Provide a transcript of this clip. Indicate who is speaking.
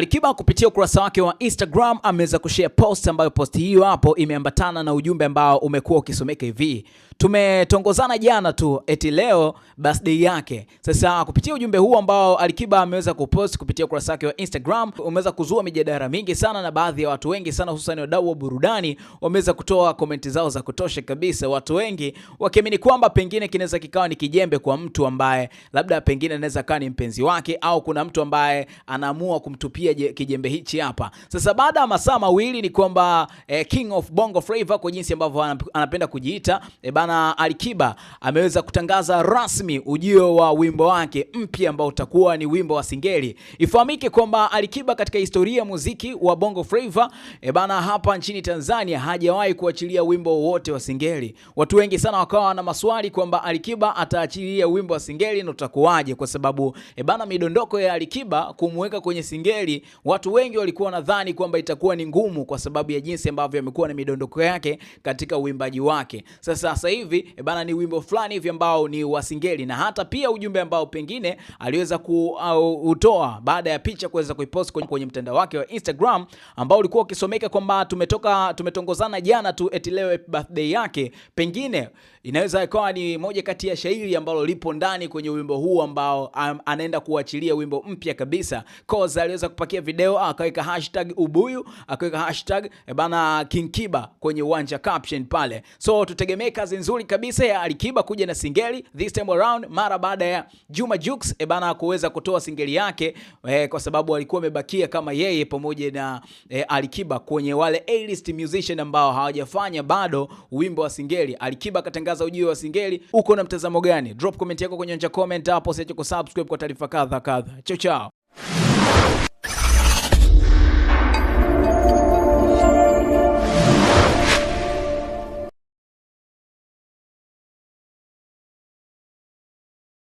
Speaker 1: Alikiba kupitia ukurasa wake wa Instagram ameweza kushare post ambayo post hiyo hapo imeambatana na ujumbe ambao umekuwa ukisomeka hivi: tumetongozana jana tu, eti leo birthday yake. Sasa kupitia ujumbe huu ambao Alikiba ameweza kupost kupitia ukurasa wake wa Instagram umeweza kuzua mijadala mingi sana, na baadhi ya watu wengi sana, hususan wadau wa burudani, wameweza kutoa komenti zao za kutosha kabisa, watu wengi wakiamini kwamba pengine kinaweza kikawa ni kijembe kwa mtu ambaye labda pengine anaweza kaa ni mpenzi wake, au kuna mtu ambaye anaamua kumtupia kupitia kijembe hichi hapa. Sasa baada ya masaa mawili ni kwamba eh, King of Bongo Flava kwa jinsi ambavyo anapenda kujiita eh, bana Alikiba ameweza kutangaza rasmi ujio wa wimbo wake mpya ambao utakuwa ni wimbo wa singeli. Ifahamike kwamba Alikiba katika historia ya muziki wa Bongo Flava eh, bana hapa nchini Tanzania hajawahi kuachilia wimbo wowote wa singeli. Watu wengi sana wakawa na maswali kwamba Alikiba ataachilia wimbo wa singeli na utakuwaje, kwa sababu eh, bana midondoko ya Alikiba kumweka kwenye singeli watu wengi walikuwa wanadhani kwamba itakuwa ni ngumu kwa sababu ya jinsi ambavyo amekuwa na midondoko yake katika uimbaji wake. Sasa sasa hivi eh, bana, ni wimbo fulani hivi ambao ni wasingeli na hata pia ujumbe ambao pengine aliweza kuutoa baada ya picha kuweza kuipost kwenye mtandao wake wa Instagram ambao ulikuwa ukisomeka kwamba tumetoka tumetongozana jana tu, eti leo birthday yake. Pengine inaweza ikawa ni moja kati ya shairi ambalo lipo ndani kwenye wimbo huu ambao anaenda kuachilia wimbo mpya kabisa. Coz aliweza kupa akapakia video akaweka hashtag ubuyu akaweka hashtag eh, bana King Kiba kwenye uwanja caption pale. So tutegemee kazi nzuri kabisa ya Alikiba kuja na singeli this time around, mara baada ya Juma Jux e bana kuweza kutoa singeli yake e, kwa sababu alikuwa amebakia kama yeye pamoja na e, Alikiba kwenye wale A list musician ambao hawajafanya bado wimbo wa singeli. Alikiba akatangaza ujio wa singeli, uko na mtazamo gani? Drop comment yako kwenye anja comment hapo, usiache kusubscribe kwa taarifa kadha kadha. Chao chao.